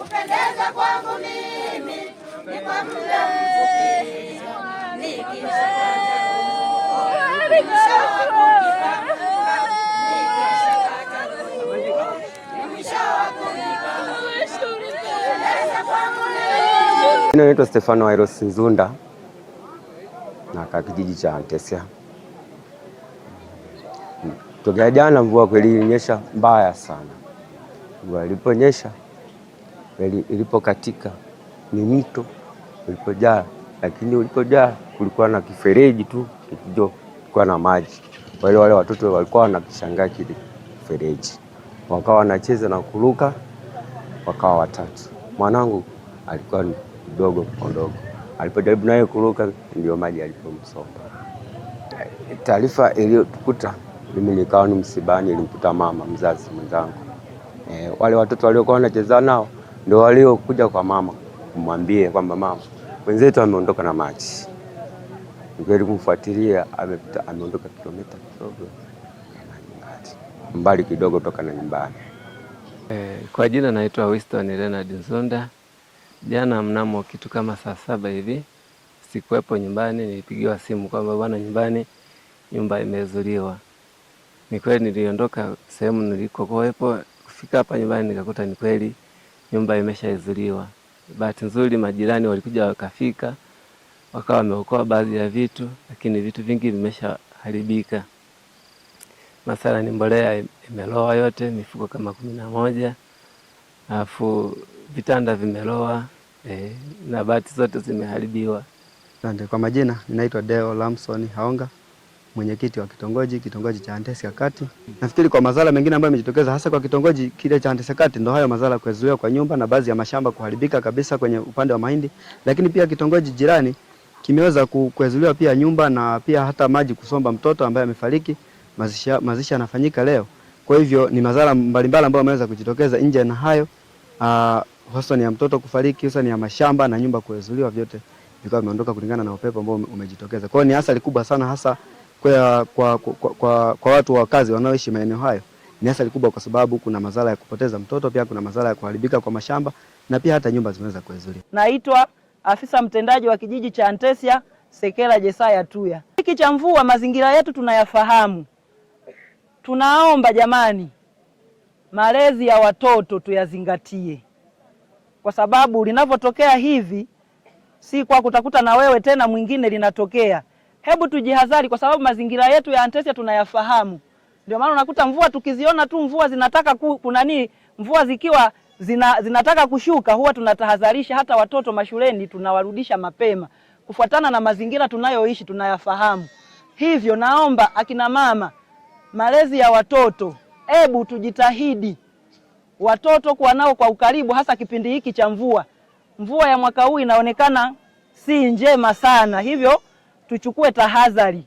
Kupendeza kwangu mimi ni kwa muda mfupi, naitwa Stefano Airos Nzunda na ka kijiji cha Antesia. Tokea jana mvua kweli ilinyesha mbaya sana, mvua iliponyesha Yaani ilipokatika ni mto ulipojaa, lakini ulipojaa kulikuwa na kifereji tu kilichokuwa na maji. Wale wale watoto walikuwa wanakishangaa kile kifereji, wakawa wanacheza na kuruka, wakawa watatu. Mwanangu alikuwa mdogo mdogo, alipojaribu naye kuruka, ndio maji alipomsomba. Taarifa iliyotukuta mimi nikawa ni msibani, ilimkuta mama mzazi mwenzangu. E, wale watoto waliokuwa wanacheza nao ndio waliokuja kwa mama kumwambie kwamba mama wenzetu ameondoka na maji. Kweli kumfuatilia amepita, ameondoka kilomita kidogo mbali kidogo kutoka na nyumbani. Eh, kwa jina naitwa Winston Leonard Nzonda. Jana mnamo kitu kama saa saba hivi sikuwepo nyumbani, nilipigiwa simu kwamba bwana, nyumbani nyumba imezuliwa. Ni kweli niliondoka sehemu nilikokuwepo, kufika hapa nyumbani nikakuta ni kweli nyumba imeshaizuliwa. Bahati nzuri majirani walikuja wakafika, wakawa wameokoa baadhi ya vitu, lakini vitu vingi vimeshaharibika. Masala ni mbolea imeloa yote, mifuko kama kumi na moja, alafu vitanda vimeloa eh, na bati zote zimeharibiwa. Kwa majina ninaitwa Deo Lamsoni Haonga mwenyekiti wa kitongoji kitongoji cha Antesa Kati. Nafikiri kwa madhara mengine ambayo yamejitokeza hasa kwa kitongoji kile cha Antesa Kati ndo hayo madhara kuzuia kwa nyumba na baadhi ya mashamba kuharibika kabisa kwenye upande wa mahindi, lakini pia kitongoji jirani kimeweza kuzuiliwa pia nyumba na pia hata maji kusomba mtoto ambaye amefariki, mazishi yanafanyika leo. Kwa hivyo ni madhara mbalimbali ambayo yameweza kujitokeza nje na hayo uh, ah, hususan ya mtoto kufariki, hususan ya mashamba na nyumba kuzuiliwa, vyote vikawa vimeondoka kulingana na upepo ambao umejitokeza. Kwa hiyo ni athari kubwa sana hasa kwa, kwa, kwa, kwa, kwa watu wakazi wanaoishi maeneo hayo ni hasara kubwa, kwa sababu kuna madhara ya kupoteza mtoto, pia kuna madhara ya kuharibika kwa mashamba na pia hata nyumba zimeweza kuezuliwa. Naitwa afisa mtendaji wa kijiji cha Antesia Sekela Jesaya Tuya. Hiki cha mvua, mazingira yetu tunayafahamu, tunaomba jamani, malezi ya watoto tuyazingatie, kwa sababu linavyotokea hivi si kwa kutakuta na wewe tena mwingine linatokea hebu tujihadhari, kwa sababu mazingira yetu ya Antesia tunayafahamu. Ndio maana unakuta mvua tukiziona tu mvua zinataka ku, kuna nini, mvua zikiwa zina, zinataka kushuka, huwa tunatahadharisha hata watoto mashuleni tunawarudisha mapema, kufuatana na mazingira tunayoishi tunayafahamu. Hivyo naomba akina mama, malezi ya watoto, hebu tujitahidi watoto kuwa nao kwa ukaribu, hasa kipindi hiki cha mvua. Mvua ya mwaka huu inaonekana si njema sana, hivyo tuchukue tahadhari